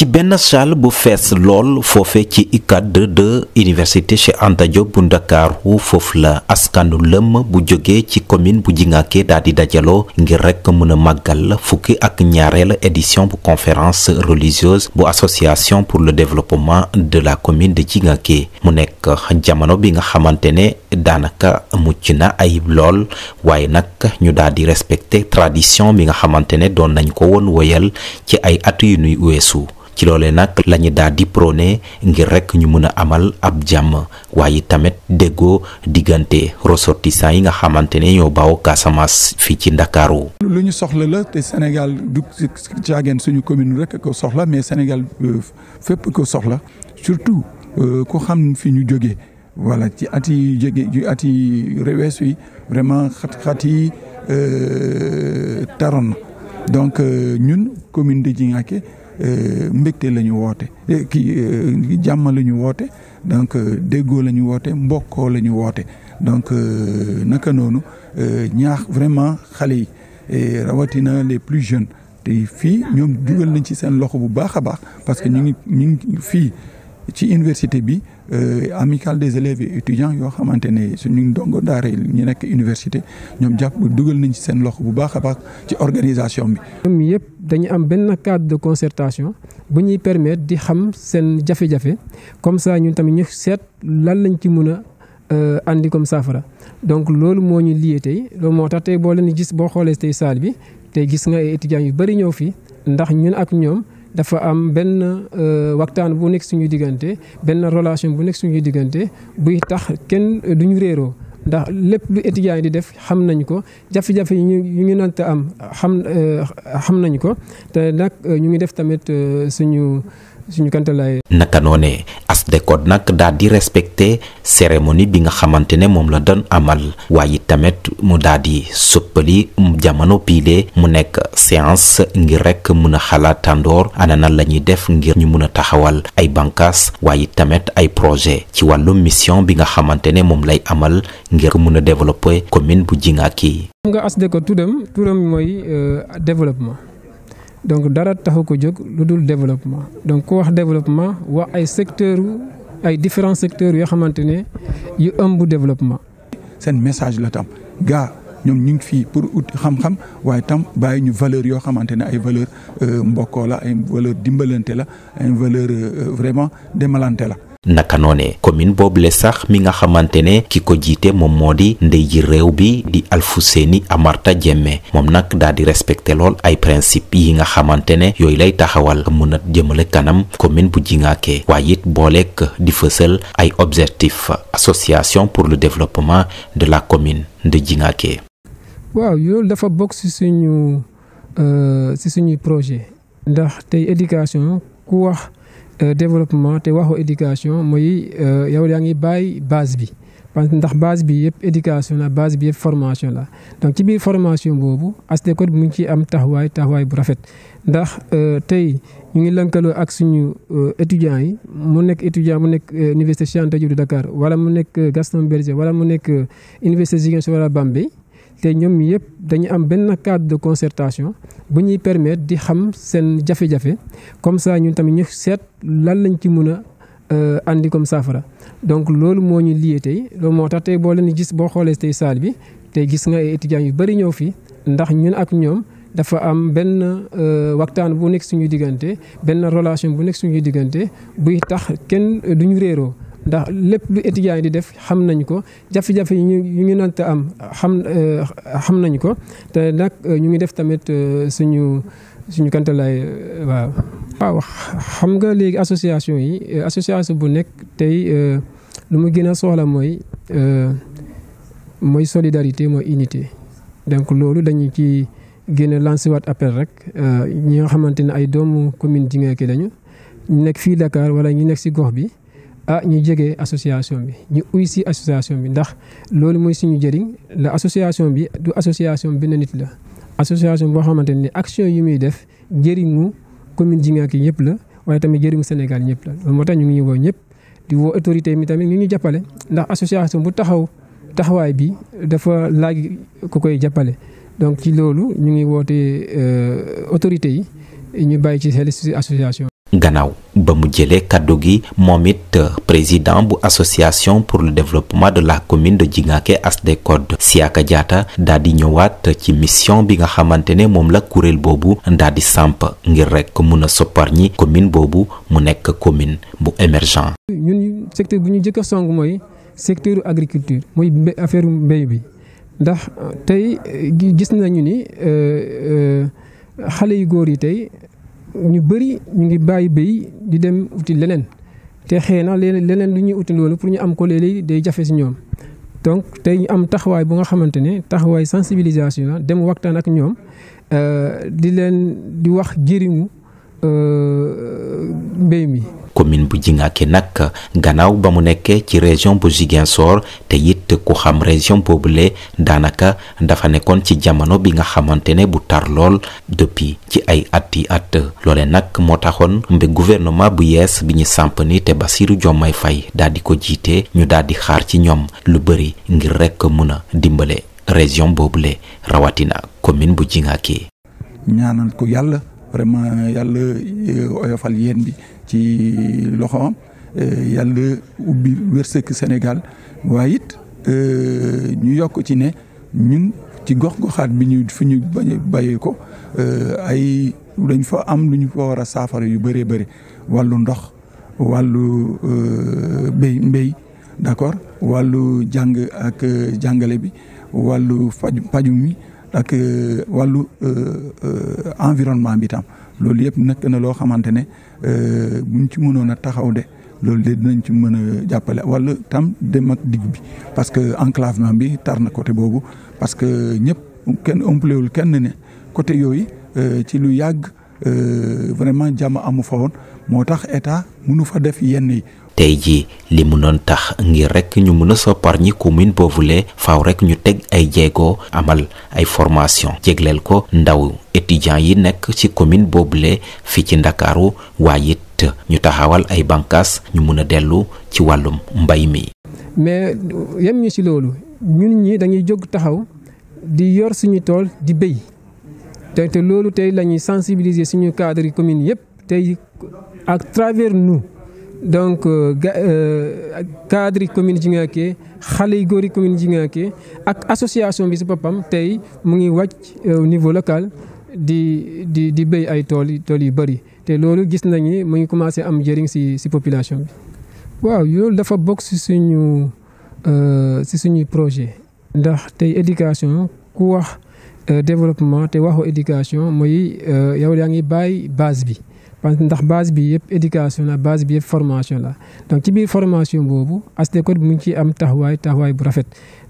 ci benn salle bu fees lool foofe ci UCAD de université Cheikh Anta Diop bu Ndakaaru foofu la askanu lëmm bu jógee ci commune bu Jingaake daal di dajaloo ngir rek mën a màggal fukki ak ñaareel édition bu conférence religieuse bu association pour le développement de la commune de Jingaake mu nekk jamono bi nga xamante ne daanaka mucc na ayib lool waaye nag ñu daal di respecter tradition bi nga xamante ne doon nañ ko woon woyal ci ay at yu nuy weesu ci loolee nag la ñu daal di prôné ngir rek ñu mën a amal ab jàmm waaye tamit déggoo diggante ressortissants yi nga xamante ne ñoo bawoo Casamance fii ci Ndakaaru. lu ñu soxla la te Sénégal du caageen suñu commune rek ko soxla mais Sénégal euh, fépp ko soxla surtout euh, ko xam fi ñu jóge wala ci ati yi jóge ci at yi rewees yi vraiment xat-xat yi euh, taroon donc ñun commune de Djingaké Euh, mbégte la ñu woote euh, kii euh, jàmm la ñu woote donc déggoo lañu woote mbokkoo la ñu woote donc naka noonu ñaax vraiment xale yi rawatina les plus jeunes te fii ñoom dugal nañ ci seen loxo bu baax a baax parce que ñu ngi ñu ngi fii ci université bi Euh, amicale des élèves et étudiants yoo xamante ne suñu ndongo daara ñu nekk université ñoom jàpp dugal nañ ci seen loxo bu baax a baax ci organisation bi. ñoom yëpp dañu am benn cadre de concertation bu ñuy permettre di xam seen jafe-jafe comme ça ñu tamit ñu seet lan lañ ci mun a. Euh, andi comme saafara donc loolu moo ñu liyee tey loolu moo tax tey boo leen gis boo xoolee tey salle bi tey gis nga ay étudiants yu bëri ñëw fii ndax ñun ak ñoom. dafa am benn euh, waxtaan bu nekk suñuy diggante benn relation bu nekk suñuy diggante buy tax kenn duñu réeroo ndax lépp lu étudiant yi di def xam nañ ko jafe-jafe yi ñu ñu ngi te am xam euh, xam nañ ko te nag euh, ñu ngi def tamit suñu suñu kantalaay. naka noonee ASDECOD nag daal di respecté cérémonie bi nga xamante ne moom la doon amal waaye tamit mu daal di sëppali jamono piile mu nekk séance ngir rek mën a xalaatandoo ana nan la ñuy def ngir ñu mën a taxawal ay bànqaas waaye tamit ay projet ci wàllu mission bi nga xamante ne moom lay amal ngir mën a développer commune bu Djingaky. xam donc dara taxu ko jóg lu dul développement donc ku wax développement wax ay secteurs ay différents secteurs yoo xamante ne yu ëmb développement. seen message la tam gaa ñoom ñu ngi fii pour ut xam-xam waaye tam bàyyi ñu valeur yoo xamante ne ay valeur euh, mbokkoo la ay valeur dimbalante la ay valeur euh, vraiment demalante la. naka noone commune boobule sax mi nga xamante ne ki ko jiite moom moo di ndey ji réew bi di Alfousseni Amarta Diémé moom nag daal di respecté lool ay principe yi nga xamante ne yooyu lay taxawal mën a jëmale kanam commune bu Djingaké waaye it booleek di fësal ay objectif association pour le développement de la commune de Djingaké waaw loolu dafa bokk ci suñu euh, ci suñuy projet ndax tey éducation ku wax Euh, développement te waxoo éducation mooy euh, yow yaa ngi bàyyi base bi parce que ndax base bi yëpp éducation na base bi yëpp formation la donc ci biir formation boobu ASTECOD mu ngi ciy am taxawaay taxawaay bu rafet ndax euh, tey ñu ngi lëkkaloo ak suñu étudiants yi mu nekk étudiant mu nekk université Cheikh Anta Diop de Dakar wala mu nekk Gaston Berger wala mu nekk université Ziguinchor wala Bambey te ñoom yëpp dañu am benn cadre de concertation bu ñuy permettre di xam seen jafe-jafe comme saa ñun tamit ñu seet lan lañ ci mun a euh, andi comme saafara donc loolu moo ñu liyee tey moo tax tey boo leen gis boo xoolee tey salle bi tey gis nga ay étudiants yu bëri ñëw fii ndax ñun ak ñoom dafa am benn euh, waxtaan bu nekk suñuy diggante benn relation bu nekk suñuy diggante buy tax kenn duñu réeroo. ndax lépp lu étudiants yi di def xam nañ ko jafe-jafe yi ñu ñu ngi nanta am xam euh, xam nañ ko te nag euh, ñu ngi def tamit euh, suñu suñu kantalaay waaw. waaw xam nga léegi association yi association bu nekk tey lu mu gën a soxla mooy mooy solidarité mooy unité donc loolu dañu ci gën a lancé waat appel rek ñu nga xamante ni ay doomu commune Dingaki dañu ñu nekk fii Dakar wala ñu nekk si gox bi. ah ñu jege association bi ñu uy si association bi ndax loolu mooy suñu jëriñ la association bi du association benn nit la. association boo xamante ne action yi muy def njëriñu commune Djingack yi ñëpp la waaye tamit njëriñu Sénégal ñëpp la loolu moo tax ñu ngi woo ñëpp di woo autorité mi tamit ñu ñu jàppale ndax association bu taxaw taxawaay bi dafa laaj ku koy jàppale. donc ci loolu ñu ngi woote euh, autorités yi ñu bàyyi ci xel si association gannaaw ba mu jëlee kàddu gi moom it euh, président bu association pour le développement de la commune de Djingaké Asdecod Siaka Diatta daal di ñëwaat ci mission bi nga xamante ne moom la kuréel boobu daal di samp ngir rek mun a soppar ñi commune boobu mu nekk commune bu émergent ñun secteur bu ñu jëkk a song mooy secteur agriculture mooy affaire mbéy bi ndax euh, tey euh, gis nañu ni xale yu góor yi tey ñu bëri ñu ngi bàyyi béy di dem uti leneen te xëy na leneen lu ñuy uti loolu pour ñu am ko léeg day jafe si ñoom. donc tey ñu am taxawaay bu nga xamante ne taxawaay sensibilisation dem waxtaan ak ñoom euh, di leen di wax jëriñu Euh, mbéy mi. commune bu Djingacké nag gannaaw ba mu nekkee ci région bu Ziguinchor te it ku xam région boobule daanaka dafa nekkoon ci jamono bi nga xamante ne bu tar lool depuis ci ay at yi loole nag moo taxoon mbe gouvernement bu yees bi ñu samp ni te Bassirou jommay fay daal di ko jiitee ñu daal di xaar ci ñoom lu bëri ngir rekk mun a dimbale région boobule rawatina commune bu Djingacké vraiment yàlla euh, oyofal yéen bi ci loxoom euh, yàlla ubbi wërsëg Sénégal waaye it euh, ñu yokk ci ne ñun ci gox-goxaat bi ñu fi ñu bayee ko ay dañ fa am lu ñu fa war a saafara yu bëree bëri wàllu ndox wàllu mbéy mbéy d'accord wàllu jàng ak jàngale bi wàllu faj paju ak euh, wàllu euh, euh, environnement bi tam loolu yëpp nekk na loo xamante ne buñ ci mënoon a taxaw de loolu de dinañ ci mën a jàppale wala tam dem ak digg bi parce que enclavement bi tar na côté boobu parce que ñëpp kenn ëmplewul kenn ne côté yooyu ci lu yàgg vraiment jàmm amu fawoon moo tax état mënu fa def yenn tey jii li mu noon tax ngir rek ñu mën a soppar ñi commune boobule faw rek ñu teg ay jéego amal ay formation jégleel ko ndaw étudiants yi nekk ci commune boobule fii ci ndakaaru waaye it ñu taxawal ay banqaas ñu mën a dellu ci wàllum mbay mi. mais yem ñu ci loolu ñun ñi dañuy jóg taxaw di yor suñu tool di béy te te loolu tey lañuy ñuy sensibiliser suñu cadre yi commune yépp tey ak travers nous donc euh, euh, cadre yi commune Djingaké xale yi góor yi commune Djingaké ak association bi si boppam tey mu ngi wàcc euh, au niveau local di di di béy ay tool yi tool yu bëri te loolu gis nañu mu ngi commencé am njëriñ si si population bi. waaw loolu dafa bokk si suñu si suñu projet. ndax tey éducation ku wax développement te waxu éducation mooy yow yaa ngi bàyyi base bi. parce que ndax base bi yëpp éducation la base bi yëpp formation la donc ci biir formation boobu ASD Code mu ngi ciy am taxawaay taxawaay bu rafet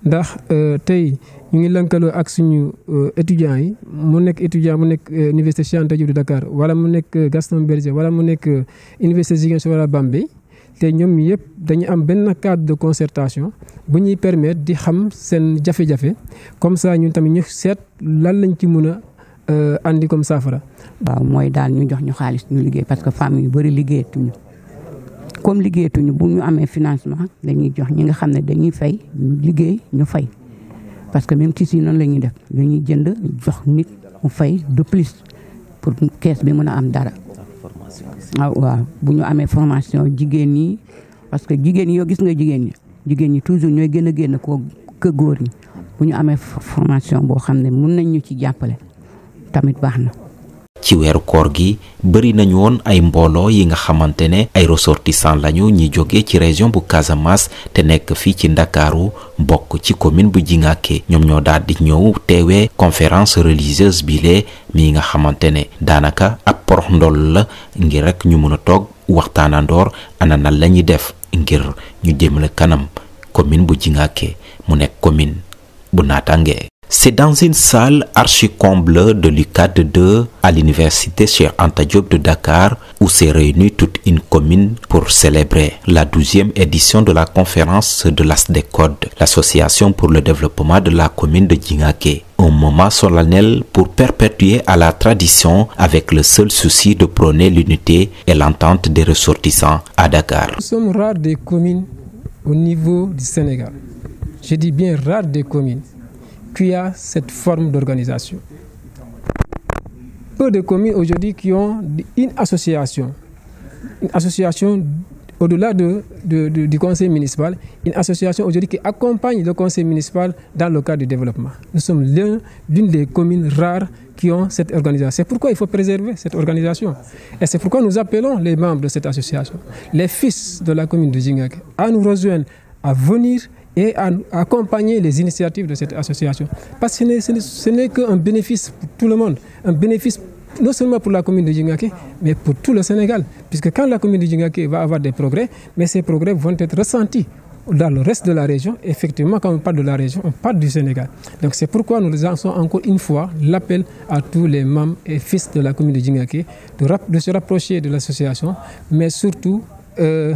ndax euh, tey ñu ngi lëkkaloo ak suñu euh, étudiants yi mu nekk étudiant mu nekk euh, université Cheikh Anta Diop Dakar wala mu nekk Gaston Berger wala mu nekk université Ziguinchor wala Bambey te ñoom yëpp dañu am benn cadre de concertation bu ñuy permettre di xam seen jafe-jafe comme ça ñun tamit ñu seet lan lañ ci mun a Euh, andi comme saafara. waaw mooy daal ñu jox ñu xaalis ñu liggéey parce que femmes yu bëri liggéeyatuñu comme liggéeyatuñu bu ñu amee financement dañuy jox ñi nga xam ne dañuy fay liggéey ñu fay parce que même tissu yi noonu la ñuy jënd jox nit mu fay de plus pour kees bi mën a am dara. waaw ah, waaw bu ñu amee formation jigéen ñi parce que jigéen ñi yoo gis nga jigéen ñi jigéen ñi toujours ñooy gën a génn koo kë ñi bu ñu amee formation boo xam ne mun nañ ñu ci jàppale. tamit baax ci weeru koor gi bëri nañu woon ay mbooloo yi nga xamante ne ay ressortissants lañu ñi jóge ci région bu Casamance te nekk fii ci Ndakaaru bokk ci commune bu Djingacké ñoom ñoo daal di ñëw teewee conférence religieuse bile mi nga xamante ne daanaka ab porox ndoll la ngir rek ñu mën a toog waxtaanandoor ana nan la ñuy def ngir ñu jëmale kanam commune bu Djingacké mu nekk commune bu naatangee C'est dans une salle archi-comble de l'UCAD 2 à l'université Cheikh Anta Diop de Dakar où s'est réunie toute une commune pour célébrer la 12e édition de la conférence de l'ASDECODE, l'association pour le développement de la commune de Djingaké un moment solennel pour perpétuer à la tradition avec le seul souci de prôner l'unité et l'entente des ressortissants à Dakar. Nous sommes rares des communes au qui a cette forme d'organisation. Peu de communes aujourd'hui qui ont une association, une association au-delà de, de, de, du conseil municipal, une association aujourd'hui qui accompagne le conseil municipal dans le cadre du développement. Nous sommes l'une des communes rares qui ont cette organisation. C'est pourquoi il faut préserver cette organisation. Et c'est pourquoi nous appelons les membres de cette association, les fils de la commune de Zingak, à nous rejoindre, à venir et à accompagner les initiatives de cette association. Parce que ce n'est qu'un bénéfice pour tout le monde, un bénéfice non seulement pour la commune de Djingake, mais pour tout le Sénégal. Puisque quand la commune de Djingake va avoir des progrès, mais ces progrès vont être ressentis dans le reste de la région. Effectivement, quand on parle de la région, on parle du Sénégal. Donc c'est pourquoi nous lançons encore une fois l'appel à tous les membres et de la commune de Djingake de, de, se rapprocher mais surtout euh,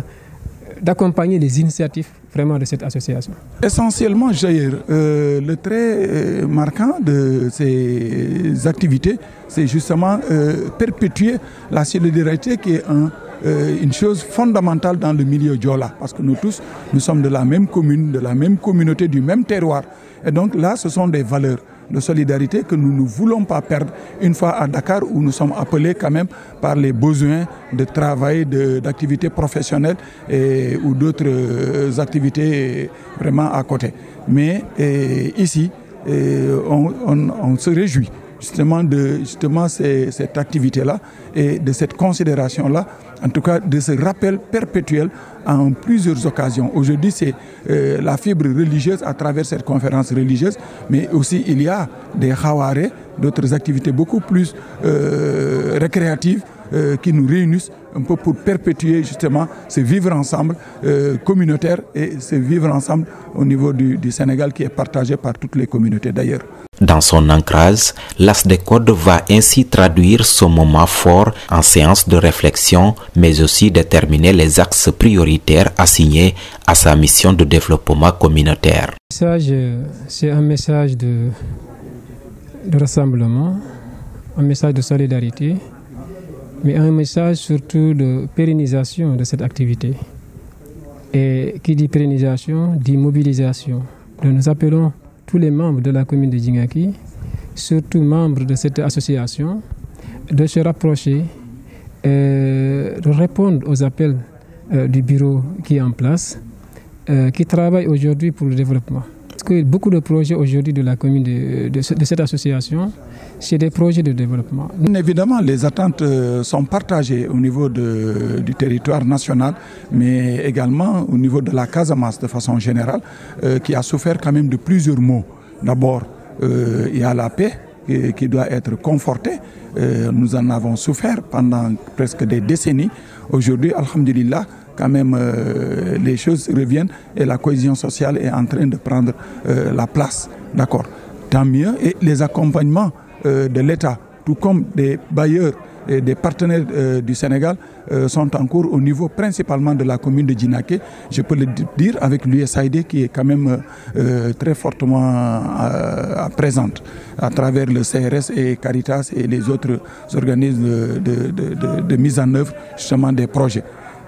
d'accompagner initiatives vraiment de cette association Essentiellement, Jair, euh, le trait euh, marquant de ces activités, c'est justement euh, perpétuer la solidarité qui est un euh, une chose fondamentale dans le milieu Diola, parce que nous tous, nous sommes la même commune, de la même communauté, du même terroir. Et donc là, ce sont des valeurs. de solidarité que nous ne voulons pas perdre une fois à Dakar où nous sommes appelés quand par les besoins de travail, d'activités de, professionnelles et, ou d'autres euh, activités vraiment à côté. Mais et, ici, on, on, on se réjouit justement de justement ces, cette activité-là et de cette considération-là, en tout cas de ce rappel perpétuel en plusieurs occasions. Aujourd'hui, c'est euh, la fibre religieuse à travers cette conférence religieuse, mais aussi il y a des hawarés, d'autres activités beaucoup plus euh, récréatives euh, qui nous réunissent pour perpétuer justement ce vivre ensemble euh, communautaire et ce vivre ensemble au niveau du, du Sénégal qui est partagé par toutes les communautés d'ailleurs. Dans son ancrage, l'ASDECODE va ainsi traduire ce moment fort en séance de réflexion, mais aussi déterminer les axes prioritaires assignés à sa mission de développement communautaire. C'est de, de rassemblement, un message de solidarité, mais un message surtout de pérennisation de cette activité. Et qui dit pérennisation dit mobilisation. Donc nous appelons tous les membres de la commune de Djingaki, surtout membres de cette association, de se rapprocher, euh, de répondre aux appels euh, du bureau qui est en place, euh, qui travaille aujourd'hui pour le développement. Parce que beaucoup de projets aujourd'hui de la commune de, de, de cette association c'est des projets de développement. Évidemment, les attentes euh, sont partagées au niveau de, du territoire national, mais également au niveau de la Casamance de façon générale, euh, qui a souffert quand même de plusieurs maux. D'abord, euh, il y a la paix qui, qui doit être confortée. Euh, nous en avons souffert pendant presque des décennies. Aujourd'hui, Alhamdulillah, quand même euh, les choses reviennent et la cohésion sociale est en train de prendre euh, la place. D'accord Tant mieux. Et les accompagnements Euh, de l'État, tout comme des bailleurs des partenaires euh, du Sénégal euh, sont en au niveau principalement de la commune de Djinaké. Je peux le dire avec l'USAID qui est quand même euh, très fortement euh, à présente à travers le CRS et Caritas et les autres organismes de, de, de, de mise en œuvre justement des projets.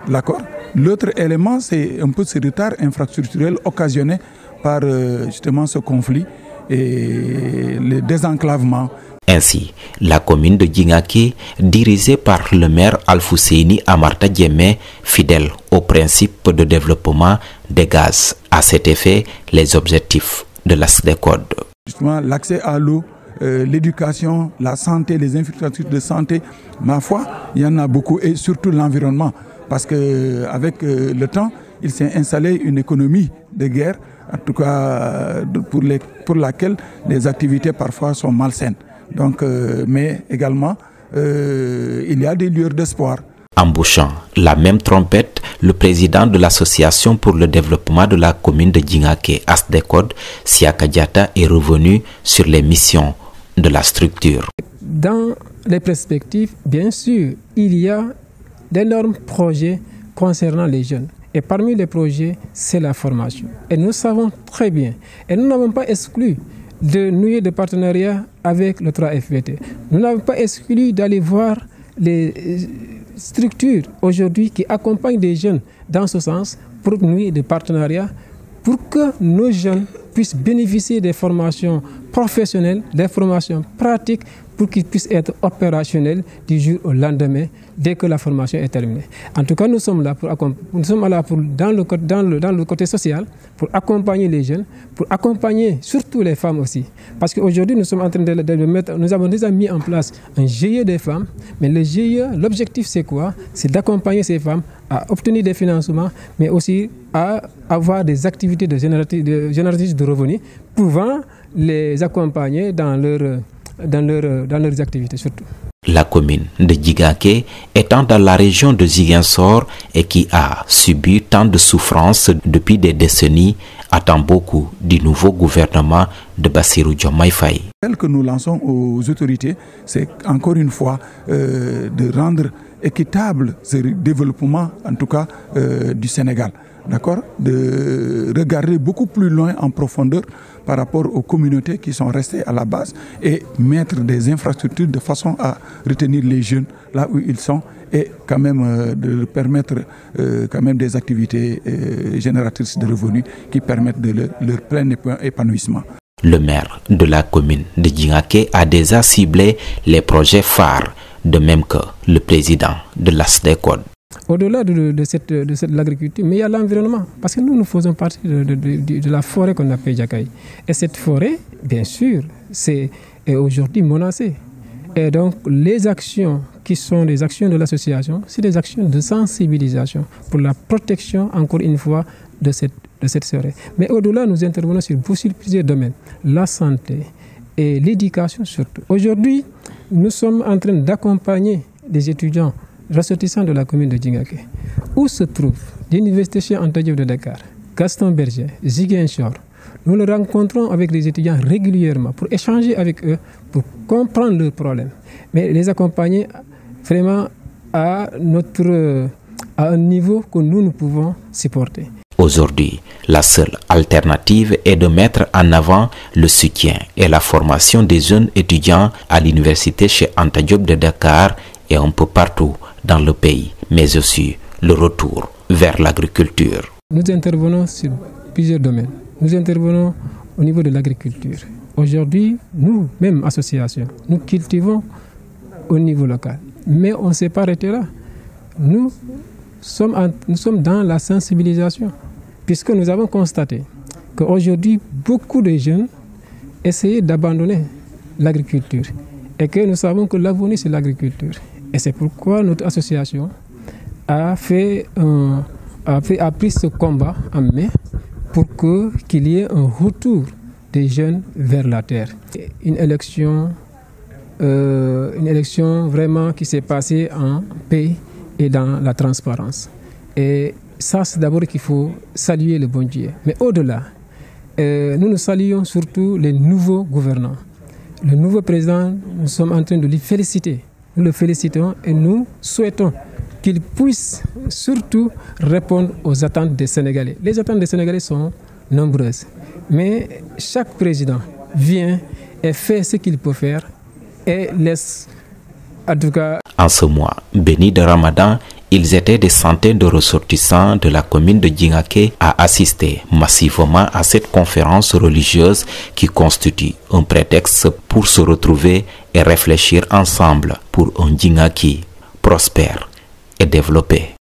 D'accord L'autre élément, c'est un peu ce retard infrastructurel occasionné par justement ce conflit et le désenclavement. Ainsi, la commune de Djingaki, dirigée par le maire Alfousseini Amarta Djemé, fidèle au principe de développement des gaz. À cet effet, les objectifs de la SDECODE. Justement, l'accès à l'eau, euh, l'éducation, la santé, les infrastructures de santé, ma foi, il y en a beaucoup et surtout l'environnement. Parce que avec euh, le temps, il s'est installé une économie de guerre, en tout cas euh, pour, les, pour laquelle les activités parfois sont malsaines. Donc, euh, mais également, euh, il y a des lueurs d'espoir. Embouchant la même trompette, le président de l'Association pour le développement de la commune de Djingake, Asdekod, Siaka Diata, est revenu sur les missions de la structure. Dans les perspectives, bien sûr, il y a d'énormes projets concernant les jeunes. Et parmi les projets, c'est la formation. Et nous savons très bien, et nous n'avons pas exclu de nouer des partenariats avec le 3FBT. Nous n'avons pas exclu d'aller voir les euh, structures aujourd'hui qui accompagnent des jeunes dans ce sens pour nouer des partenariats pour que nos jeunes puissent bénéficier des formations professionnelle, des formations pratiques pour qu'ils puissent être opérationnels du jour au lendemain dès que la formation est terminée. En tout cas, nous sommes là pour nous sommes là pour dans le dans le dans le côté social pour accompagner les jeunes, pour accompagner surtout les femmes aussi parce qu'aujourd'hui nous sommes en train de, de mettre nous avons déjà mis en place un GIE des femmes, mais le GIE l'objectif c'est quoi? C'est d'accompagner ces femmes à obtenir des financements mais aussi à avoir des activités de génératrices de, génératrice de revenus les accompagner dans leur, dans leur, dans leurs activités La commune de Djigake étant dans la région de Ziguinchor et qui a subi tant de souffrances depuis des décennies attend beaucoup du nouveau gouvernement de Bassirou Diomaye Faye. Tel que nous lançons aux autorités, c'est encore une fois euh, de rendre équitable ce développement en tout cas euh, du Sénégal. d'accord de regarder beaucoup plus loin en profondeur par rapport aux communautés qui sont restées à la base et mettre des infrastructures de façon à retenir les jeunes là où ils sont et quand même euh, de permettre euh, quand même des activités euh, génératrices de revenus qui permettent de leur, leur plein épanouissement. Le maire de la commune de Djingaké a déjà ciblé les projets phares, de même que le président de l'ASDECODE. au-delà de, de, cette, de cette, l'agriculture, mais il y a l'environnement. Parce que nous, nous faisons partie de, la forêt qu'on appelle Jakaï. Et cette forêt, bien sûr, c'est, est aujourd'hui menacée. Et donc, les actions qui sont des actions de l'association, c'est des actions de sensibilisation pour la protection, encore une fois, de cette, de cette forêt. Mais au-delà, nous intervenons sur, sur plusieurs domaines. La santé et l'éducation surtout. Aujourd'hui, nous sommes en train d'accompagner des étudiants ressortissants de la commune de Djingake, où se trouve l'université Cheikh Anta de Dakar, Gaston Berger, Ziguinchor, nous le rencontrons avec les étudiants régulièrement pour échanger avec eux, pour comprendre leurs problèmes, mais les accompagner vraiment à, notre, à un niveau que nous, nous pouvons supporter. Aujourd'hui, la seule alternative est de mettre en avant le soutien et la formation des jeunes étudiants à l'université chez Anta Diop de Dakar et un peu partout dans le pays, mais aussi le retour vers l'agriculture. Nous intervenons sur plusieurs domaines. Nous intervenons au niveau de l'agriculture. Aujourd'hui, nous, même association, nous cultivons au niveau local. Mais on ne s'est pas arrêté Nous sommes, en, nous dans la sensibilisation, puisque nous avons constaté qu'aujourd'hui, beaucoup de jeunes essayaient d'abandonner l'agriculture et que nous savons que l'avenir, c'est l'agriculture. Et c'est pourquoi notre association a, fait un, a, fait, a pris ce combat en main pour qu'il qu y ait un retour des jeunes vers la terre. Une élection, euh, une élection vraiment qui s'est passée en paix et dans la transparence. Et ça, c'est d'abord qu'il faut saluer le bon Dieu. Mais au-delà, euh, nous nous saluons surtout les nouveaux gouvernants. Le nouveau président, nous sommes en train de lui féliciter le félicitons et nous souhaitons qu'il puisse surtout répondre aux attentes des Sénégalais. Les attentes des Sénégalais sont nombreuses, mais chaque président vient et fait ce qu'il peut faire et laisse, en tout cas... En ce mois béni de Ramadan, Ils étaient des centaines de ressortissants de la commune de Djingake à assister massivement à cette conférence religieuse qui constitue un prétexte pour se retrouver et réfléchir ensemble pour un Djingaki prospère et développé.